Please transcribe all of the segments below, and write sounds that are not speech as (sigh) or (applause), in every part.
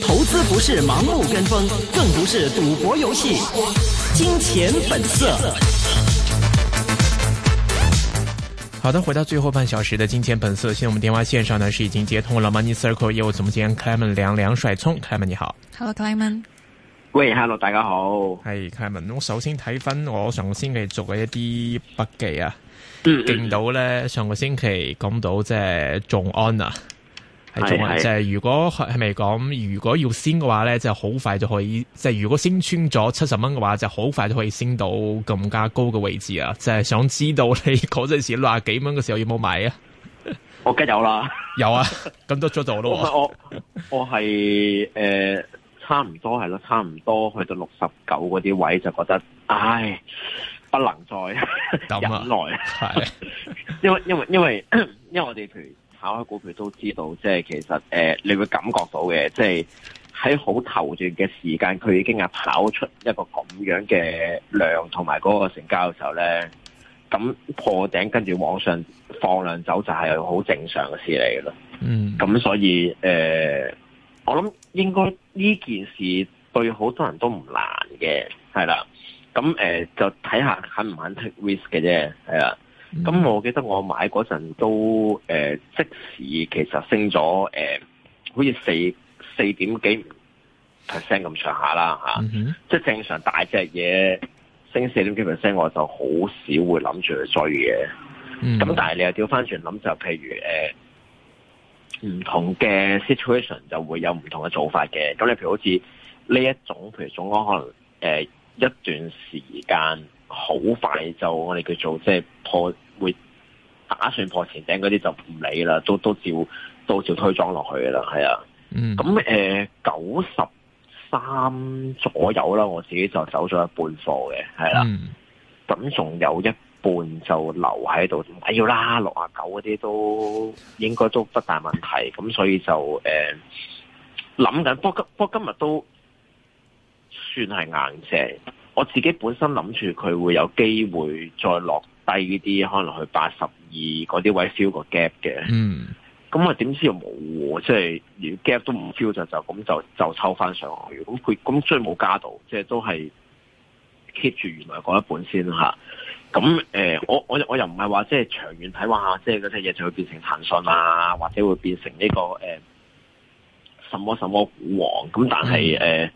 投資不是盲目跟風，更不是賭博遊戲。金錢本色。好的，回到最後半小時的金錢本色，現在我們電話線上呢是已經接通了 Money Circle 業務總監，Kevin 梁梁帥聰，Kevin 你好。Hello，Kevin 喂，Hello，大家好。Hi Kevin 哎，Kevin 我首先睇翻我上星期做嘅一啲筆記啊。見到咧，上個星期講到即係仲安啊，係眾安，即係如果係咪講，如果要升嘅話咧，就好、是、快就可以，即、就、係、是、如果升穿咗七十蚊嘅話，就好、是、快就可以升到更加高嘅位置啊！即、就、係、是、想知道你嗰陣時六啊幾蚊嘅時候有冇買啊？我梗有啦，有啊，咁 (laughs) 都 (laughs) 追到咯。我我係誒差唔多係咯，差唔多去到六十九嗰啲位就覺得，唉。 (laughs) 不能再忍耐， (laughs) 因為因為因為因為我哋譬如炒開股票都知道，即係其實誒、呃，你會感覺到嘅，即係喺好頭段嘅時間，佢已經係跑出一個咁樣嘅量同埋嗰個成交嘅時候咧，咁破頂跟住往上放量走就係好正常嘅事嚟嘅啦。嗯，咁所以誒、呃，我諗應該呢件事對好多人都唔難嘅，係啦。咁誒、呃、就睇下肯唔肯 take risk 嘅啫，係啊。咁、mm-hmm. 我記得我買嗰陣都誒、呃、即時其實升咗誒、呃，好似四四點幾 percent 咁上下啦吓，即係正常大隻嘢升四點幾 percent，我就好少會諗住去追嘅。咁、mm-hmm. 但係你又調翻轉諗，就譬如誒，唔、呃 mm-hmm. 同嘅 situation 就會有唔同嘅做法嘅。咁你譬如好似呢一種譬如眾安可能誒。呃一段時間好快就我哋叫做即係破，會打算破前頂嗰啲就唔理啦，都都照都照推裝落去噶啦，係啊。咁誒九十三左右啦，我自己就走咗一半貨嘅，係啦。咁、嗯、仲有一半就留喺度，唔要啦。六啊九嗰啲都應該都不大問題，咁所以就誒諗緊。不過不過今日都。算係硬淨，我自己本身諗住佢會有機會再落低呢啲，可能去八十二嗰啲位 feel 個 gap 嘅。嗯，咁啊點知又冇喎，即係如果 gap 都唔 feel 就就咁就就抽翻上去。咁佢咁所以冇加到，即係都係 keep 住原來嗰一本先啦。咁、啊、誒、呃，我我我又唔係話即係長遠睇話，即係嗰隻嘢就會變成騰訊啊，或者會變成呢、這個誒、呃、什麼什麼股王。咁但係誒。嗯呃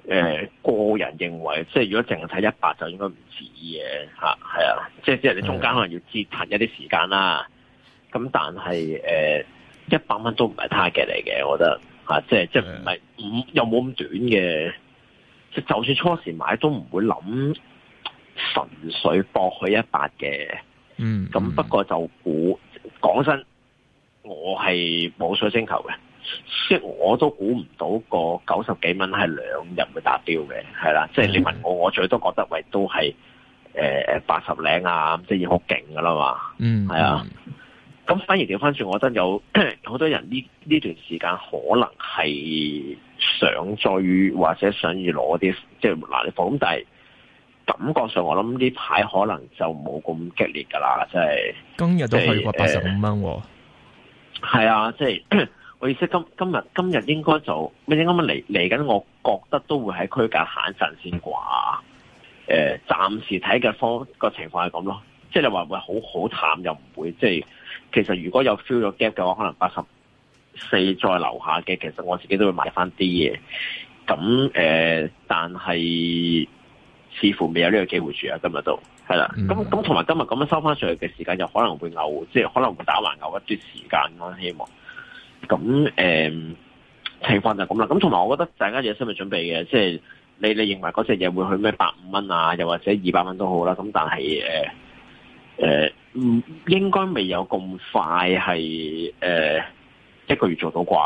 誒、呃、個人認為，即係如果淨係睇一百，就應該唔止嘅啊，即係即係你中間可能要折騰一啲時間啦。咁但係誒一百蚊都唔係 target 嚟嘅，我覺得即係即係唔係五又冇咁短嘅，即係、嗯、就算初時買都唔會諗純粹博佢一百嘅。嗯，嗯，咁不過就估講真，我係冇水晶球嘅。即係我都估唔到個九十幾蚊係兩日會達標嘅，係啦。即係你問我，我最多覺得喂都係誒八十零啊，即係已經好勁噶啦嘛。嗯，係啊。咁反而調翻轉，我覺得有好多人呢，呢段時間可能係想再或者想要攞啲即係難啲貨，咁但係感覺上我諗呢排可能就冇咁激烈噶啦，即係。今日都去過八十五蚊。係啊，即係。呃我意思今今日今日應該就咩啱啱嚟嚟緊，我覺得都會喺區隔行陣先啩。暫時睇嘅方個情況係咁咯，即係你話會好好淡又唔會。即係其實如果有 feel 咗 gap 嘅話，可能八十四再留下嘅，其實我自己都會買翻啲嘢。咁，呃，但係似乎未有呢個機會住啊！今日都係啦。咁咁同埋今日咁樣收翻上去嘅時間，又可能會牛，即係可能會打橫牛一段時間。我希望。咁誒情況就咁啦，咁同埋我覺得大家有心理準備嘅，即係你你認為嗰隻嘢會去咩百五蚊啊，又或者二百蚊都好啦。咁但係誒唔應該未有咁快係誒一個月做到啩？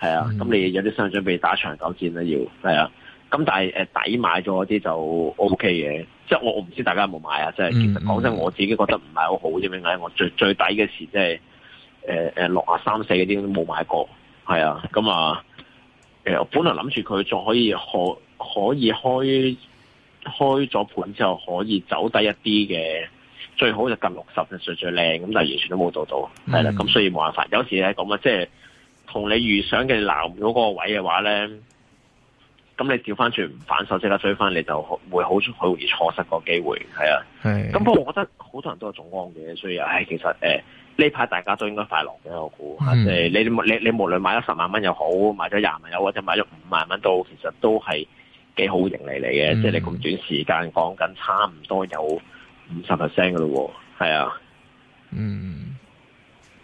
係啊，咁、mm-hmm. 你有啲心理準備，打長久戰啦要。係啊，咁但係誒抵買咗啲就 OK 嘅。即係我我唔知大家有冇買啊。Mm-hmm. 即係其實講真，我自己覺得唔係好好點解我最最抵嘅事即係。誒、呃、誒，六啊三四嗰啲都冇買過，係啊，咁啊，誒、呃，我本來諗住佢仲可以可可以開開咗盤之後可以走低一啲嘅，最好就近六十就最靚，咁但係完全都冇做到，係啦，咁所以冇辦法，嗯、有時咧咁啊，即係同你預想嘅鬧唔到嗰個位嘅話咧，咁你調翻轉唔反手即刻追翻你，就會好好容易錯失個機會，係啊，係，咁不過我覺得好多人都係眾安嘅，所以，唉，其實誒。呃呢排大家都應該快樂嘅，我估嚇，即、嗯、係你你你，你無論買咗十萬蚊又好，買咗廿萬又好，或者買咗五萬蚊都，其實都係幾好盈利嚟嘅、嗯。即係你咁短，短時間講緊，差唔多有五十 percent 嘅咯喎，係啊，嗯，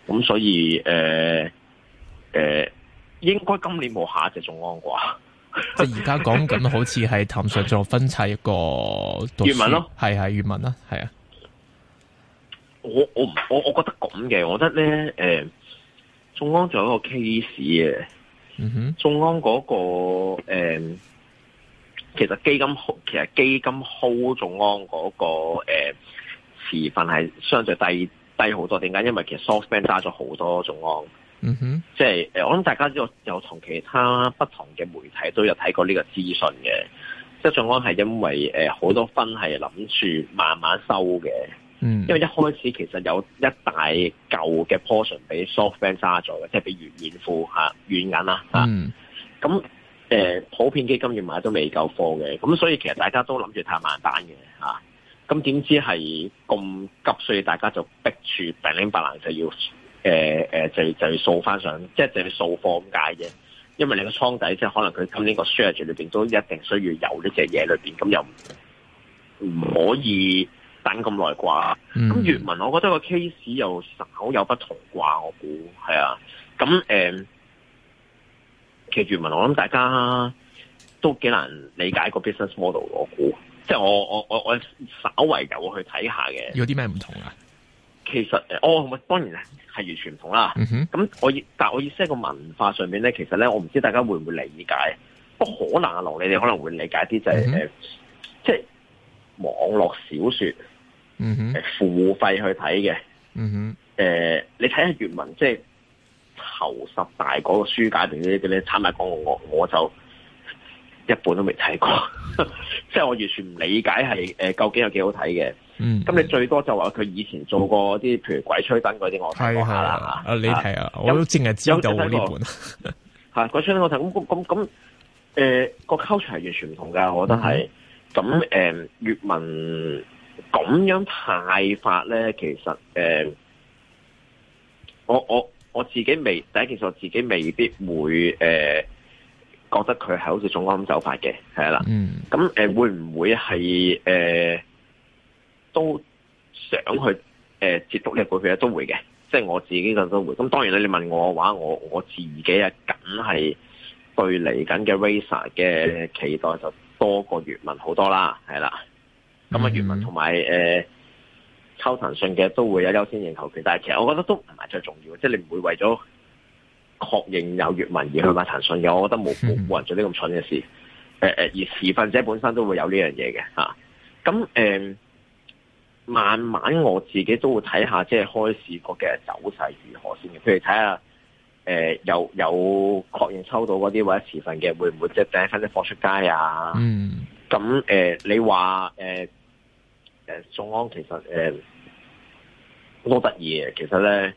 咁所以誒誒、呃呃，應該今年冇下一隻眾安啩。即係而家講緊好似係探索做分拆一個閲文咯，係係閲文啦，係啊。我我我我覺得咁嘅，我覺得咧，誒，眾安，嗯，仲有一個 case 嘅、mm-hmm. 那個，哼，眾安嗰個誒，其實基金，其實基金 hold 眾安嗰個誒持份係相對低低好多，點解？因為其實 SoftBank 揸咗好多眾安，哼，即係誒，我諗大家有有同其他不同嘅媒體都有睇過呢個資訊嘅，即係眾安係因為誒好多分係諗住慢慢收嘅。嗯，因為一開始其實有一大舊嘅 portion 俾 SoftBank 揸咗嘅，即係俾軟面褲吓、軟、啊、銀啦吓。咁、啊、誒、嗯呃，普遍基金要買都未夠貨嘅，咁、嗯、所以其實大家都諗住太慢單嘅吓。咁、啊、點、嗯、知係咁急，所以大家就逼住白零白蘭就要誒誒、呃，就就要掃翻上，即係就要掃貨咁解啫。因為你個倉底即係可能佢今年個 share 裏邊都一定需要有呢隻嘢裏邊，咁又唔可以。等咁耐啩，咁、嗯、原文我覺得個 case 又稍有不同啩，我估係啊，咁誒、呃，其實原文我諗大家都幾難理解個 business model，我估，即係我我我我稍為有去睇下嘅。有啲咩唔同啊？其實誒，我、呃哦、當然係完全唔同啦。咁、嗯、我但我意思係個文化上面咧，其實咧，我唔知大家會唔會理解。不可能啊，羅你哋可能會理解啲就係、是、誒、嗯，即係。網絡小說，嗯哼，付費去睇嘅，嗯哼，誒、呃，你睇下《閱文》，即係頭十大嗰個書架定呢啲咧，參埋講，我我就一本都未睇過， (laughs) 即係我完全唔理解係誒、呃，究竟有幾好睇嘅，咁、嗯、你最多就話佢以前做過啲，譬如鬼吹燈嗰啲我睇過下啦，啊，你睇啊，啊，我都淨係知道呢本，吓、 (laughs) 啊、鬼吹燈我睇，咁咁咁，誒、呃，個 culture 係完全唔同噶，我覺得係。嗯咁、嗯、誒、嗯、閱文咁樣派發咧，其實誒、嗯、我我我自己未第一件事，我自己未必會誒、呃、覺得佢係好似眾安走法嘅，係啦。咁、嗯、誒、嗯、會唔會係誒、呃、都想去誒接觸呢一個嘅都會嘅，即係我自己嘅都會。咁當然咧，你問我嘅話，我我自己啊，梗係對嚟緊嘅 Razer 嘅期待就～多過閲文好多啦，係啦。咁啊，閲文同埋誒抽騰訊嘅都會有優先認購權，但係其實我覺得都唔係最重要，即係你唔會為咗確認有閲文而去買騰訊嘅，我覺得冇冇人做啲咁蠢嘅事。誒、呃、而持份者本身都會有呢樣嘢嘅吓。咁誒，慢慢我自己都會睇下，即係開市個嘅走勢如何先嘅，譬如睇下。誒、呃，有有確認抽到嗰啲或者時份嘅，會唔會即係掟翻啲貨出街啊？嗯、咁、呃、你話誒、呃、眾安其實誒、呃、好得意嘅，其實咧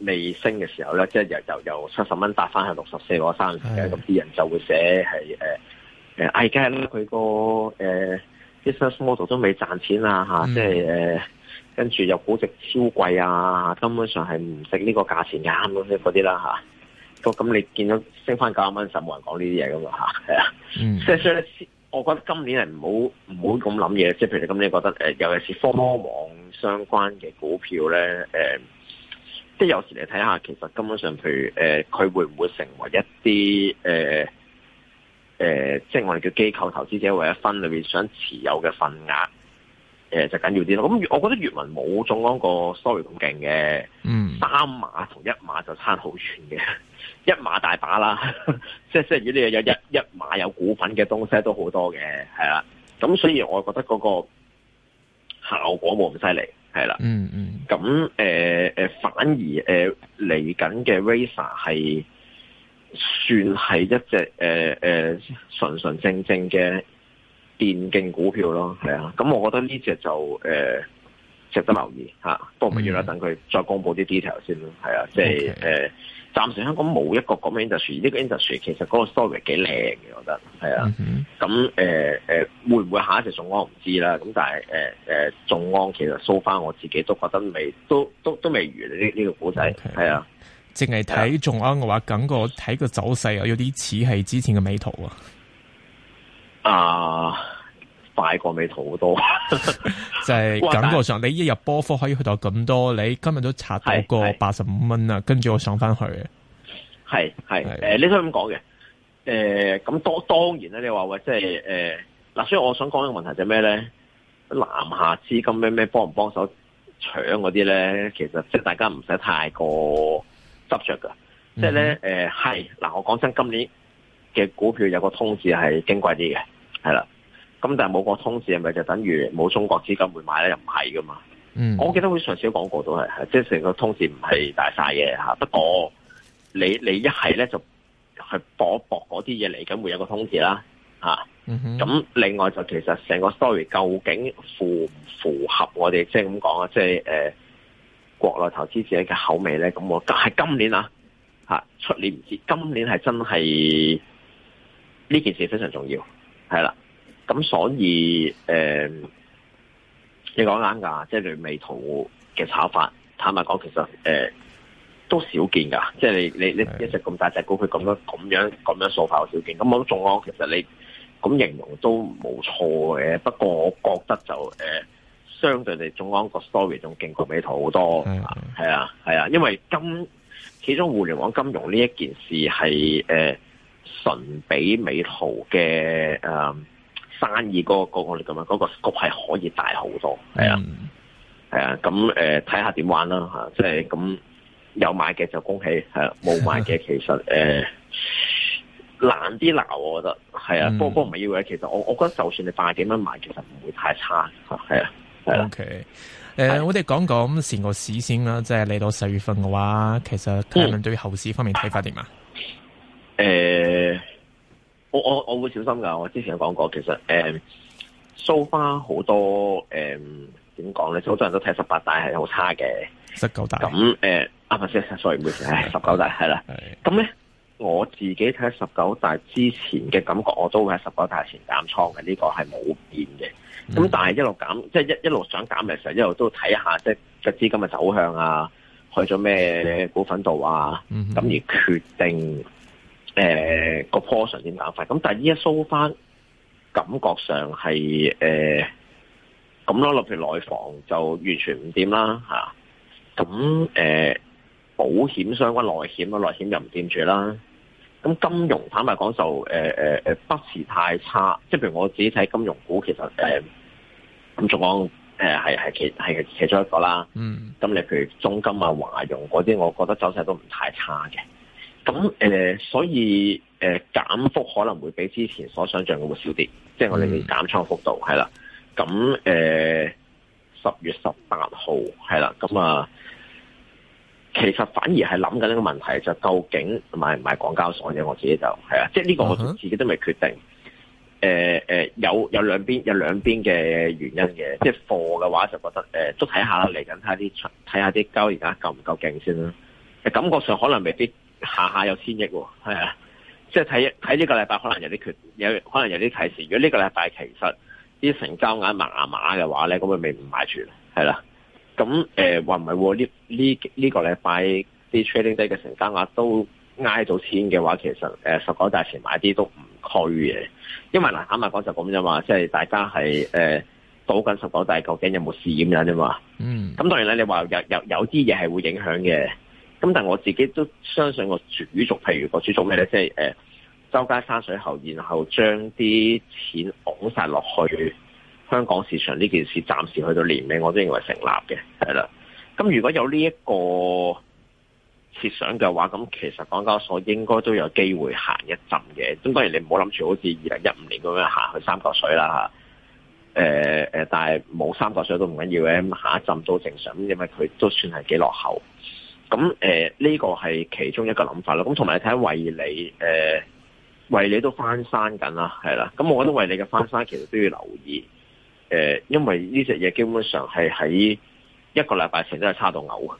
未升嘅時候咧，即係由由由七十蚊搭翻去六十四個三嘅，咁啲人就會寫係誒誒，唉、呃，梗係啦，佢個誒啲 sales model 都未賺錢啊嚇，即係誒。呃跟住又估值超貴啊，根本上係唔值呢個價錢啱咁嗰啲啦，咁你見到升翻九十蚊十，冇人講呢啲嘢㗎嘛係啊，即係、嗯、所以咧，我覺得今年係唔好唔好咁諗嘢。即係譬如你今年覺得誒、呃，尤其是科網相關嘅股票咧、呃，即係有時你睇下，其實根本上譬如佢、呃、會唔會成為一啲、呃呃、即係我哋叫機構投資者或者分裏面想持有嘅份額？誒，就緊要啲咯。咁我覺得粵文冇眾安個 sorry 咁勁嘅，三碼同一碼就差好遠嘅，一碼大把啦。呵呵即係即係，如果你有有一碼有股份嘅東西都好多嘅，係啦。咁所以我覺得嗰個效果冇咁犀利，係啦。嗯嗯。咁誒誒，反而誒嚟緊嘅 Racer 係算係一隻誒誒純純正正嘅。電競股票咯，係啊，咁我覺得呢隻就誒、呃，值得留意吓，都唔緊要啦，等佢再公布啲 detail 先咯，係啊，即係誒，暫、okay. 呃、時香港冇一個咁嘅 industry，呢個 industry 其實嗰個 story 幾靚嘅，我覺得係啊，咁誒誒，會唔會下一隻眾安唔知啦，咁但係誒誒，眾、呃、安其實 w、so、翻我自己都覺得未，都都都未完呢呢個古仔，係、okay. 啊，淨係睇眾安嘅話，感覺睇個走勢啊，有啲似係之前嘅美圖啊。啊，快過未圖好多， (laughs) 就係感覺上你一日波幅可以去到咁多，你今日都刷到過八十五蚊啦，跟住我上翻去。係係誒，你都可以咁講嘅。誒、呃，咁當當然咧，你話喂，即係誒，嗱、呃，所以我想講嘅問題就咩咧？南下資金咩咩幫唔幫手搶嗰啲咧？其實即係大家唔使太過執着噶。即係咧，誒、嗯，係、呃、嗱，我講真，今年嘅股票有個通字係矜貴啲嘅。係啦，咁但係冇個通字係咪就等於冇中國資金會買咧？又唔係噶嘛。嗯、mm-hmm.，我記得我上次講過都係，即係成個通字唔係大晒嘅吓。不過你你一係咧就去搏一搏嗰啲嘢嚟緊會有個通字啦，吓、啊。咁、mm-hmm. 另外就其實成個 story 究竟符唔符合我哋即係咁講啊？即係誒，國內投資者嘅口味咧？咁我係今年啊吓，出年唔知。今年係真係呢件事非常重要。係啦，咁所以誒、呃，你講啱噶即係雷美圖嘅炒法。坦白講，其實誒、呃、都少見噶即係你你你一直咁大隻股，佢咁樣咁樣咁樣掃法好少見。咁我眾安其實你咁形容都冇錯嘅，不過我覺得就誒、呃，相對你眾安個 story 仲勁過美圖好多。係啊係啊，因為金始終互聯網金融呢一件事係誒。呃純比美圖嘅誒生意嗰、那個、那個嚟講咧，嗰、那個局係可以大好多，係、呃、啊，係、就、啊、是，咁誒睇下點玩啦吓，即係咁有買嘅就恭喜，係冇買嘅其實誒難啲鬧，呃、我覺得係啊，不過唔係要嘅，其實我我覺得就算你八十幾蚊買，其實唔會太差，係啊係 O K，誒，我哋講講成個市先啦，即係嚟到十月份嘅話，其實街民對後市方面睇、嗯、法點啊？誒、呃。呃我我我會小心㗎，我之前有講過，其實誒蘇花好多誒點講咧，好、呃、多人都睇十八大係好差嘅，十九大。咁誒、呃、啊，唔係，sorry，唔好意思，十,十九大係啦。咁咧，我自己睇十九大之前嘅感覺，我都會喺十九大前減倉嘅，呢、呢個係冇變嘅。咁但係一路減，嗯、即係一一路想減嘅時候，一路都睇下即係嘅資金嘅走向啊，去咗咩股份度啊，咁、嗯、而決定。誒、呃，個 portion 點快？咁但係而家搜翻，感覺上係誒咁咯。例、呃、如內房就完全唔掂啦，吓咁誒，保險相關內險啊，內險又唔掂住啦。咁金融坦白講就誒誒誒，不是太差。即係譬如我自己睇金融股，其實誒咁仲講誒係係其係其中一個啦。嗯。咁你譬如中金啊、華融嗰啲，我覺得走勢都唔太差嘅。咁誒、呃，所以誒、呃、減幅可能會比之前所想象嘅會少啲，mm. 即係我哋嘅減倉幅度係啦。咁誒十月十八號係啦，咁啊、呃，其實反而係諗緊一個問題，就究竟賣唔賣港交所嘅？我自己就係啊，即係呢個我自己都未決定。誒、uh-huh. 呃、有有兩邊有兩邊嘅原因嘅，即係貨嘅話就覺得誒、呃，都睇下啦，嚟緊睇下啲睇下啲交而家夠唔夠勁先啦。感覺上可能未必。下下有千億喎，係啊，哎、即係睇睇呢、呃啊、個禮拜可能有啲缺，有可能有啲提示。如果呢個禮拜其實啲成交額麻麻嘅話咧，咁咪未唔買住，係啦。咁誒話唔係喎，呢呢呢個禮拜啲 Trading Day 嘅成交額都挨到錢嘅話，其實誒十九大前買啲都唔區嘅，因為嗱，坦白講就咁啫嘛，即、就、係、是、大家係誒、呃、賭緊十九大究竟有冇事咁樣啫嘛。嗯。咁當然咧，你話有有有啲嘢係會影響嘅。咁但係我自己都相信個主軸，譬如個主軸咩、就、咧、是，即係誒周街山水喉，然後將啲錢拱晒落去香港市場呢件事暫，暫時去到年尾我都認為成立嘅，係啦。咁、嗯、如果有呢一個設想嘅話，咁其實港交所應該都有機會行一浸嘅。咁當然你唔好諗住好似二零一五年咁樣行去三角水啦嚇、呃。但係冇三角水都唔緊要嘅，咁下一浸都正常，因為佢都算係幾落後。咁誒呢個係其中一個諗法啦，咁同埋睇下惠理誒惠理、呃、惠理都翻山緊啦，係啦。咁我覺得惠理嘅翻山其實都要留意誒、呃，因為呢隻嘢基本上係喺一個禮拜前都係差到嘔啊。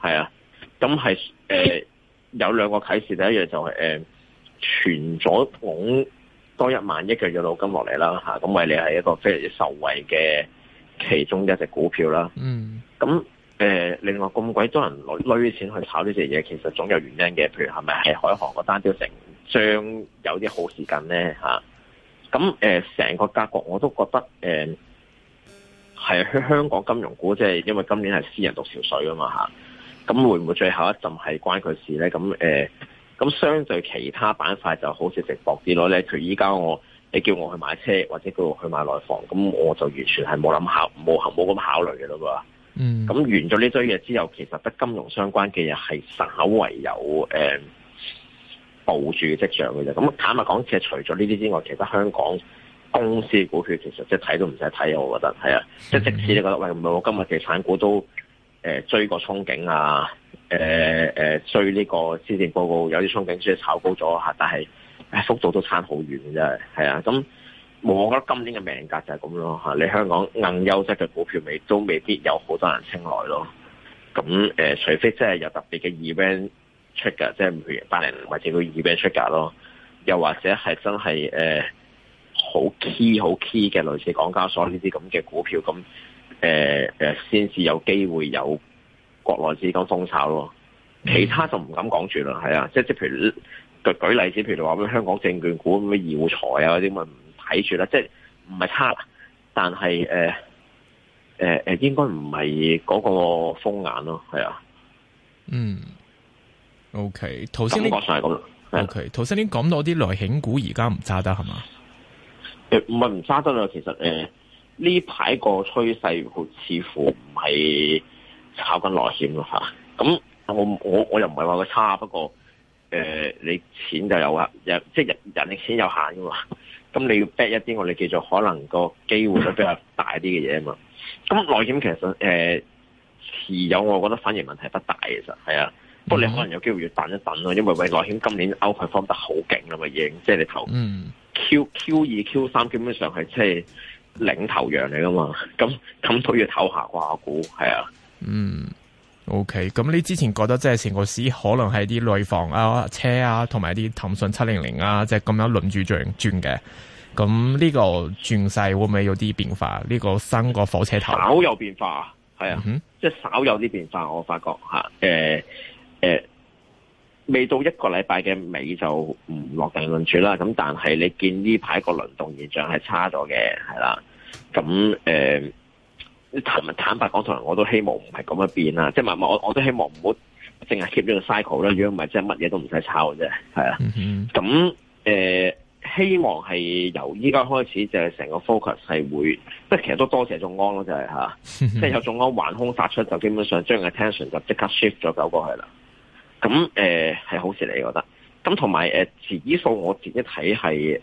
係啊，咁係誒有兩個啟示，第一樣就係誒存咗桶多一萬億嘅養老金落嚟啦嚇。咁惠理係一個非常受惠嘅其中一隻股票啦。嗯，咁。誒，另外咁鬼多人攞攰錢去炒呢隻嘢，其實總有原因嘅。譬如係咪係海航嗰單票成將有啲好事近呢？嚇，咁誒成個格局我都覺得誒係、呃、香港金融股，即係因為今年係私人獨潮水啊嘛嚇。咁會唔會最後一陣係關佢事呢？咁誒咁相對其他板塊就好似值博啲咯咧。譬如依家我你叫我去買車或者叫我去買內房，咁我就完全係冇諗考冇冇咁考慮嘅嘞。嗯，咁、嗯、完咗呢堆嘢之後，其實得金融相關嘅嘢係稍為有誒部、嗯、署嘅跡象嘅啫。咁、嗯嗯、坦白講，其實除咗呢啲之外，其實香港公司股票其實即係睇都唔使睇啊。我覺得係啊，嗯、即係即使你覺得喂唔係我今日嘅產股都誒、呃、追過憧憬啊，誒、呃呃、追呢個施政報告有啲憧憬，所以炒高咗嚇，但係幅度都差好遠啫。係啊，咁、嗯。我覺得今年嘅命格就係咁咯嚇，你香港硬優質嘅股票未都未必有好多人青睞咯。咁、嗯、誒，除非真係有特別嘅 event 出㗎，即係八零或者個 event 出價咯。又或者係真係誒好 key 好 key 嘅，類似港交所呢啲咁嘅股票咁誒誒，先、呃、至有機會有國內資金瘋炒咯。其他就唔敢講住啦，係啊，即係即譬如舉舉例子，譬如話咩香港證券股咁嘅耀才啊嗰啲咁。睇住啦，即係唔係差，但係誒誒誒，應該唔係嗰個風眼咯，係啊，嗯，OK，頭先啲，係咁，OK，頭先你講到啲內險股而家唔揸得係嘛？誒，唔係唔揸得啊，其實誒呢排個趨勢似乎唔係炒緊內險咯吓，咁、啊、我我我又唔係話佢差，不過誒、呃、你錢就有啊，有即係人力錢有限噶嘛。咁你要 back 一啲，我哋叫做可能個機會都比較大啲嘅嘢啊嘛。咁內險其實誒、呃、持有，我覺得反而問題不大其實係啊。不過、mm-hmm. 你可能有機會要等一等咯，因為喂內險今年 outperform 得好勁啦嘛已經，即、就、係、是、你投 Q Q 二 Q 三基本上係即係領頭羊嚟噶嘛。咁咁都要唞下啩，我估係啊。嗯。Mm-hmm. O K，咁你之前覺得即係成個市可能係啲內房啊、車啊，同埋啲騰訊七零零啊，即係咁樣輪住轉轉嘅。咁呢個轉勢會唔會有啲變化？呢、這個新個火車頭稍有變化，係啊，即係稍有啲變化，我發覺嚇、呃呃。未到一個禮拜嘅尾就唔落定論處啦。咁但係你見呢排個輪動現象係差咗嘅，係啦。咁、嗯、誒。呃坦白講，同能我都希望唔係咁樣一變啦，即係唔唔，我我都希望唔好淨係 keep 咗個 cycle 啦。如果唔係，即係乜嘢都唔使抄嘅啫，係、嗯、啊。咁、呃、希望係由依家開始就係成個 focus 係會，即係其實都多謝眾安咯、就是，就係嚇， (laughs) 即係有眾安橫空發出，就基本上將 attention 就即刻 shift 咗走過去啦。咁係、呃、好事嚟，覺得。咁同埋誒指數，我自己睇係誒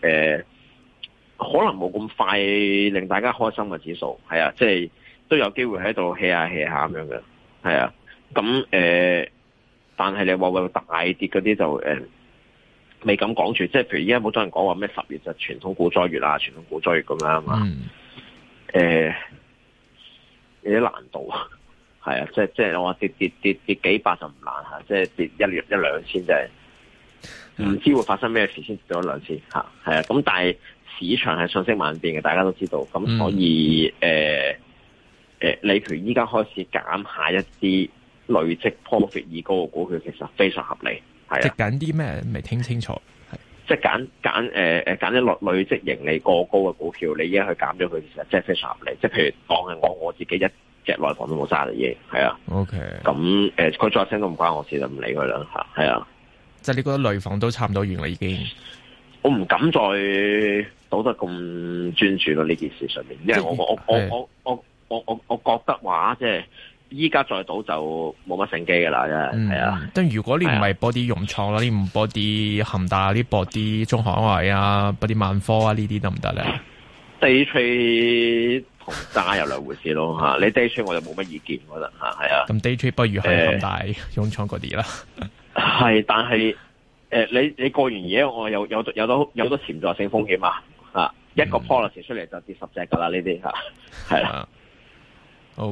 可能冇咁快令大家開心嘅指數，係啊，即、就、係、是。都有機會喺度氣下氣下咁樣嘅，係啊，咁誒、呃，但係你話會大跌嗰啲就誒、呃、未敢講住，即係譬如依家好多人講話咩十月就傳統股災月啊，傳統股災月咁樣啊嘛，誒有啲難度啊，係啊，即係即係我話跌跌跌跌幾百就唔難吓，即係跌一兩一兩千就係、是、唔知會發生咩事先跌咗兩千吓，係啊，咁、啊、但係市場係瞬息萬變嘅，大家都知道，咁所以誒。嗯呃誒、呃，你譬如依家開始減下一啲累積 profit 已高嘅股票，其實非常合理。係啊，即係揀啲咩？未聽清楚。係、啊，即係揀揀誒誒，揀一落累積盈利過高嘅股票，你而家去減咗佢，其實真係非常合理。即係譬如當係我我自己一隻內房都冇揸嘅嘢，係啊。O、okay. K。咁、呃、誒，佢再升都唔關我事啦，唔理佢啦吓。係啊。即係你覺得內房都差唔多完啦，已經。我唔敢再賭得咁專注喺呢件事上面，因為我我我我我。我我我我我我我覺得話即係依家再倒就冇乜勝機噶啦，真係、啊。嗯，啊。但如果你唔係播啲融創啦、啊，你唔播啲恒大，你播啲中海啊，博啲萬科啊，行行呢啲得唔得咧？day trade 同渣有兩回事咯吓、 (laughs) 啊欸 (laughs) 呃，你 day trade 我就冇乜意見，我覺得吓係啊。咁 day trade 不如係恒大融創嗰啲啦。係，但係誒，你你過完嘢，我有有有多有都潛在性風險啊、嗯。一個 policy 出嚟就跌十隻噶啦，呢啲吓係啦。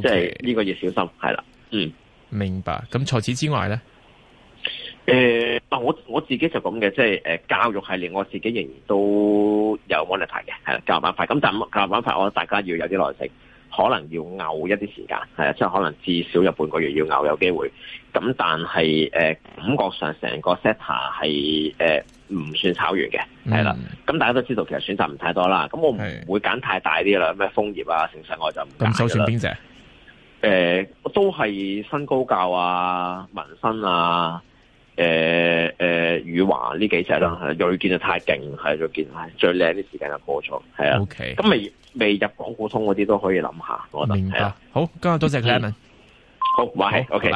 即係呢個要小心，係啦，嗯，明白。咁除此之外咧，誒，嗱，我我自己就咁嘅，即係誒，教育系列我自己仍然都有 monitor 嘅，係啦，教育板塊，咁但教育板塊，我大家要有啲耐性，可能要拗一啲時間，係啦，即係可能至少有半個月要拗有機會。咁但係誒、呃，感覺上成個 sector 係誒唔、呃、算炒完嘅，係、嗯、啦。咁大家都知道，其實選擇唔太多啦。咁我唔會揀太大啲啦，咩楓葉啊、城市外我就唔揀首選邊隻？嗯誒、呃，都係新高教啊、民生啊、誒誒宇華呢幾隻啦，又、嗯、見得太勁，係銳見，係最靚啲時間就過咗，係啊。O K，咁未未入港股通啲都可以諗下，我覺得係啊。好，今日多謝，謝 Clayman、嗯、好，喂 OK。